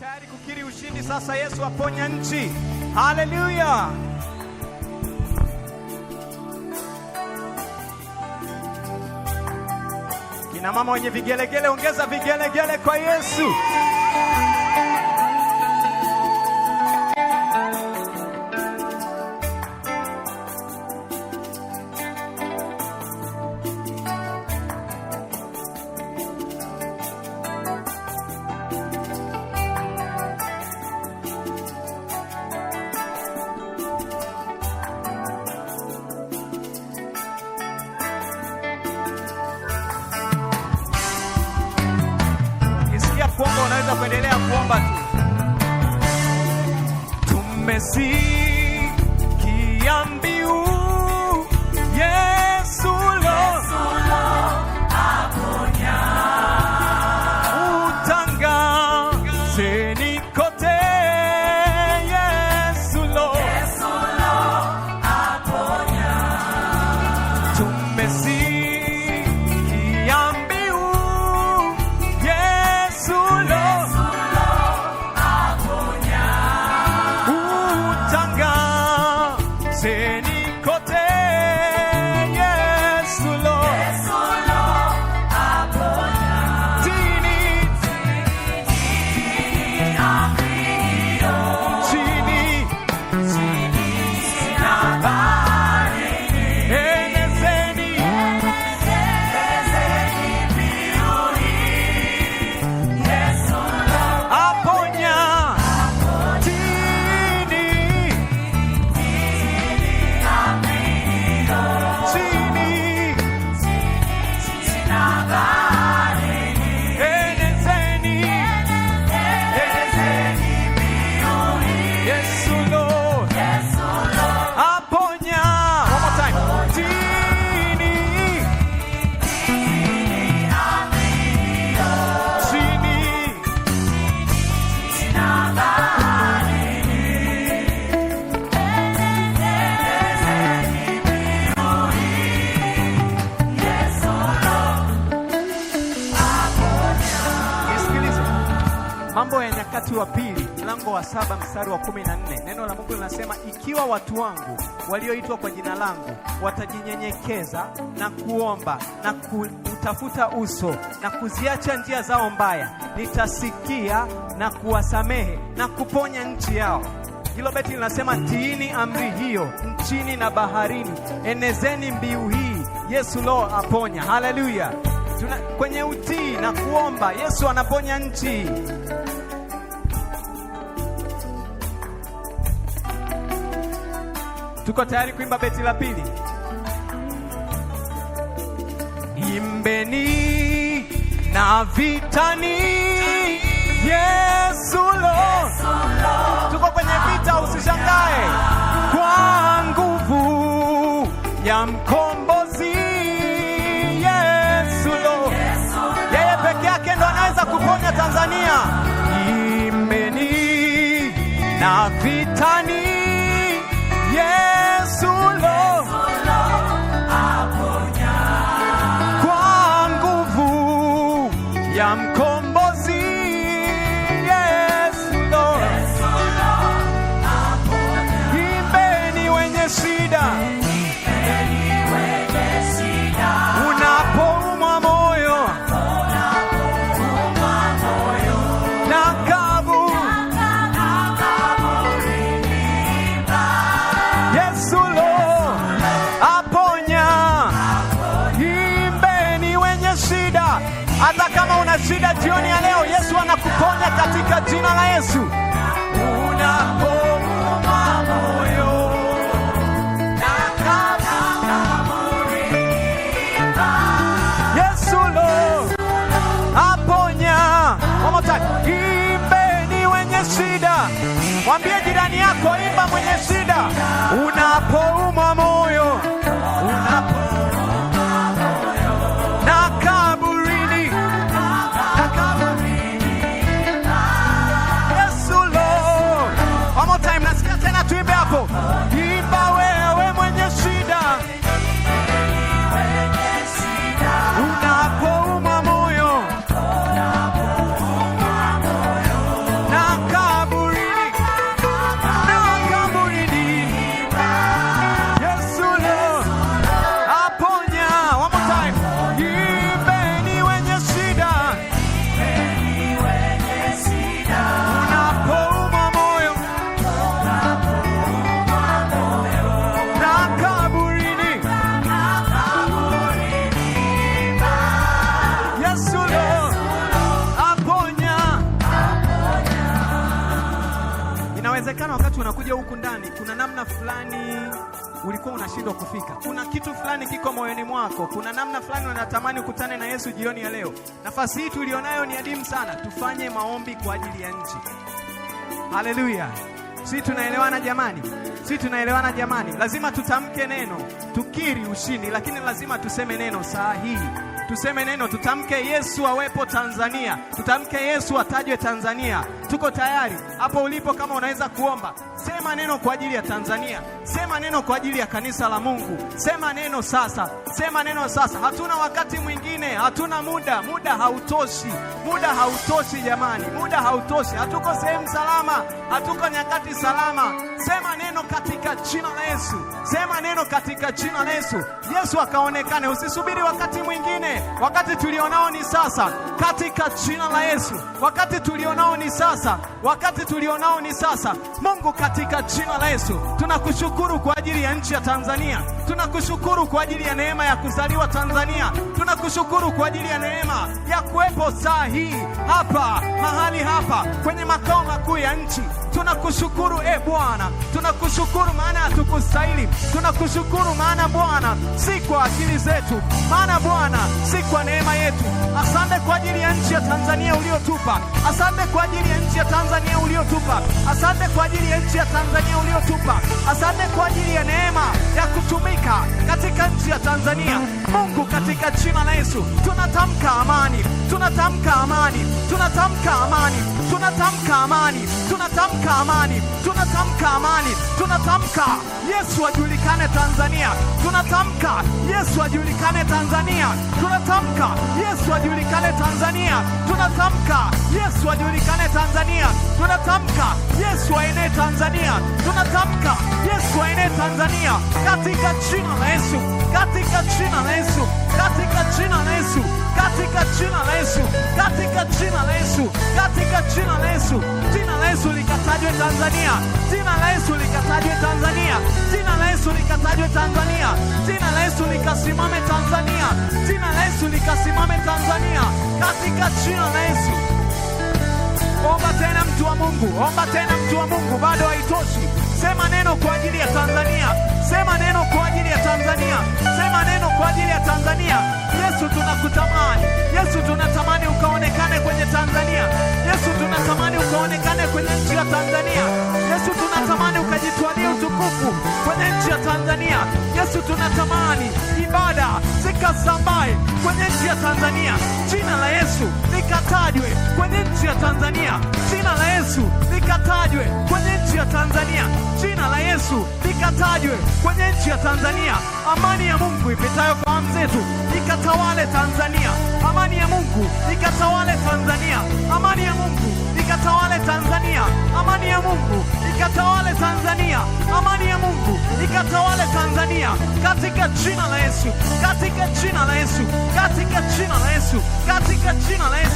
tayari kukiri ushindi sasa. Yesu aponya nchi. Haleluya! Kina mama wenye vigelegele, ongeza vigelegele kwa Yesu. kuendelea kuomba tu Wakorintho wa pili mlango wa saba mstari wa kumi na nne neno la Mungu linasema ikiwa watu wangu walioitwa kwa jina langu watajinyenyekeza na kuomba na kutafuta uso na kuziacha njia zao mbaya, nitasikia na kuwasamehe na kuponya nchi yao. Hilo beti linasema tiini amri hiyo nchini na baharini, enezeni mbiu hii, Yesu lo aponya. Haleluya! Kwenye utii na kuomba Yesu anaponya nchi. Tuko tayari kuimba beti la pili. Imbeni na vitani Yesu lo jioni ya leo, Yesu anakuponya katika jina la Yesu. lo aponya amota. Imbeni wenye shida, mwambie jirani yako, imba mwenye shida Una lazima nakuja huku ndani, kuna namna fulani ulikuwa unashindwa kufika, kuna kitu fulani kiko moyoni mwako, kuna namna fulani unatamani ukutane na Yesu jioni ya leo. Nafasi hii tulionayo ni adimu sana, tufanye maombi kwa ajili ya nchi. Haleluya! Si tunaelewana jamani? Si tunaelewana jamani? Lazima tutamke neno, tukiri ushindi, lakini lazima tuseme neno saa hii tuseme neno, tutamke Yesu awepo Tanzania, tutamke Yesu atajwe Tanzania. Tuko tayari hapo ulipo, kama unaweza kuomba, sema neno kwa ajili ya Tanzania, sema neno kwa ajili ya kanisa la Mungu, sema neno sasa, sema neno sasa. Hatuna wakati mwingine, hatuna muda, muda hautoshi, muda hautoshi jamani, muda hautoshi. Hatuko sehemu salama, hatuko nyakati salama. Sema neno katika jina la Yesu, sema neno katika jina la Yesu. Yesu akaonekane, usisubiri wakati mwingine. Wakati tulionao ni sasa, katika jina la Yesu. Wakati tulionao ni sasa, wakati tulionao ni sasa. Mungu, katika jina la Yesu, tunakushukuru kwa ajili ya nchi ya Tanzania, tunakushukuru kwa ajili ya neema ya kuzaliwa Tanzania, tunakushukuru kwa ajili ya neema ya kuwepo saa hii hapa mahali hapa kwenye makao makuu ya nchi Tunakushukuru e Bwana, tunakushukuru maana hatukustahili. Tunakushukuru maana Bwana si kwa akili zetu, maana Bwana si kwa neema yetu. Asante kwa ajili ya nchi ya Tanzania uliotupa, asante kwa ajili ya nchi ya Tanzania uliotupa, asante kwa ajili ya nchi ya Tanzania uliotupa, asante kwa ajili ya neema ya kutumika katika nchi ya Tanzania. Mungu, katika jina la Yesu tunatamka amani, tunatamka amani, tunatamka amani tunatamka amani, tunatamka amani, tunatamka amani, tunatamka Yesu ajulikane Tanzania, tunatamka Yesu ajulikane Tanzania, tunatamka Yesu ajulikane Tanzania, tunatamka Yesu ajulikane Tanzania, tunatamka Yesu aenee Tanzania, tunatamka Yesu aenee Tanzania, katika jina la Yesu, katika jina la Yesu, katika jina la Yesu katika jina la Yesu, katika jina la Yesu, katika jina la Yesu. Jina la Yesu likatajwe Tanzania, jina la Yesu likatajwe Tanzania, jina la Yesu likatajwe Tanzania, jina la Yesu likasimame Tanzania, jina la Yesu likasimame Tanzania, katika jina la Yesu. Omba tena mtu wa Mungu, omba tena mtu wa Mungu, bado haitoshi. Sema neno kwa ajili ya Tanzania. Sema neno kwa ajili ya Tanzania, sema neno kwa ajili ya Tanzania. Yesu tunakutamani, Yesu tunatamani ukaonekane kwenye Tanzania, Yesu tunatamani ukaonekane kwenye nchi ya Tanzania, Yesu tunatamani ukajitwalie utukufu kwenye nchi ya Tanzania, Yesu tunatamani ibada zikasambae kwenye nchi ya Tanzania, jina la Yesu likatajwe kwenye nchi ya Tanzania, jina la Yesu likatajwe kwenye nchi ya Tanzania jina la Yesu likatajwe kwenye nchi ya Tanzania. Amani ya Mungu ipitayo fahamu zetu ikatawale Tanzania. Amani ya Mungu ikatawale Tanzania. Amani ya Mungu ikatawale Tanzania. Amani ya Mungu ikatawale Tanzania. Amani ya Mungu ikatawale Tanzania, katika jina la Yesu, katika jina la Yesu, katika jina la Yesu, katika jina la Yesu.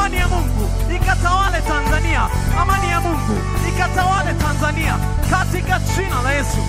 Amani ya Mungu ikatawale Tanzania, amani ya Mungu ikatawale Tanzania katika jina la Yesu.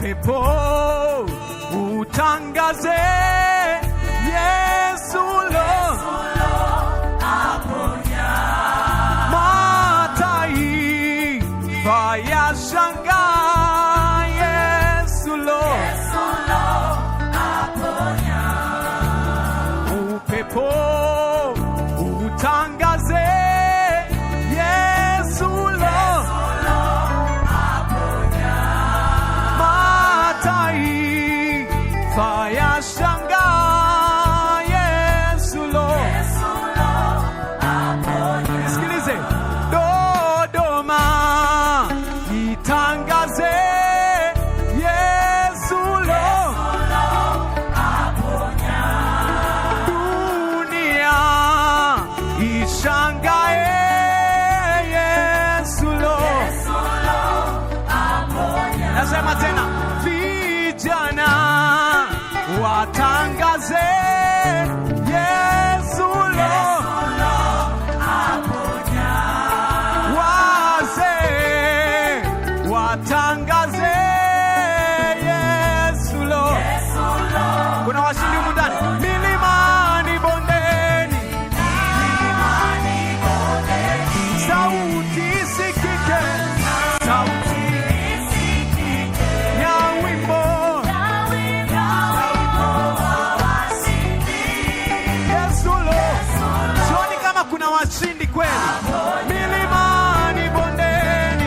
Upepo utangaze kweli, milimani, bondeni.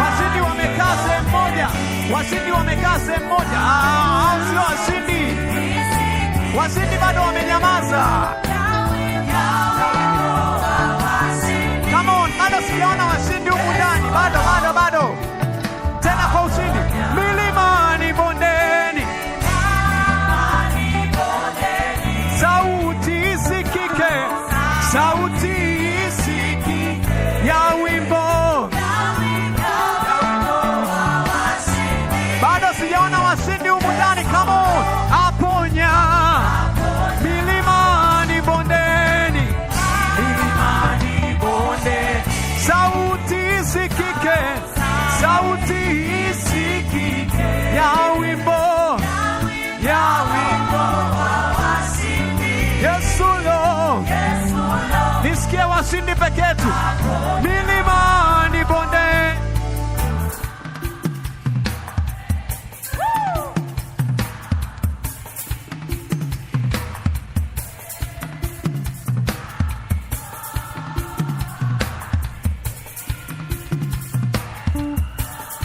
Washindi wamekaa sehemu moja, washindi wamekaa sehemu moja, au sio? Washindi, washindi bado wamenyamaza. kama bado sijaona yetu, milima bonde.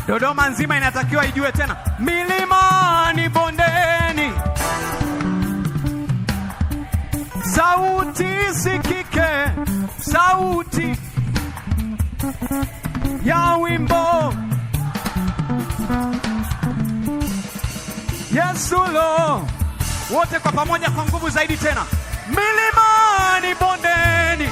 Dodoma nzima inatakiwa ijue tena, milimani bondeni, sauti sikike sauti ya wimbo Yesu lo, wote kwa pamoja, kwa nguvu zaidi tena, milimani, bondeni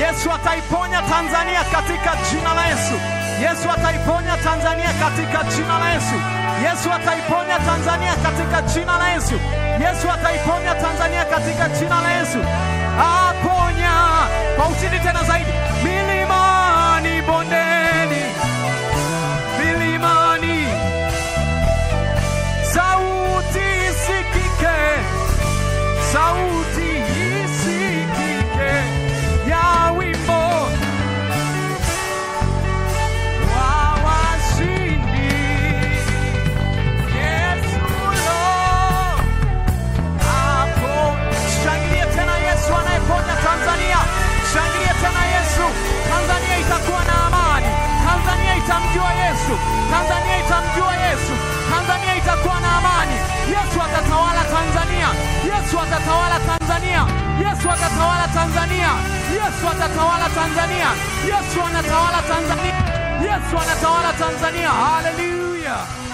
Yesu ataiponya Tanzania katika jina la Yesu. Yesu ataiponya Tanzania katika jina la Yesu. Yesu ataiponya Tanzania katika jina la Yesu. Yesu ataiponya Tanzania katika jina la Yesu. Tanzania. Yesu atatawala Tanzania. Yesu atatawala Tanzania. Yesu atatawala Tanzania. Yesu anatawala Tanzania. Yesu anatawala Tanzania. Haleluya!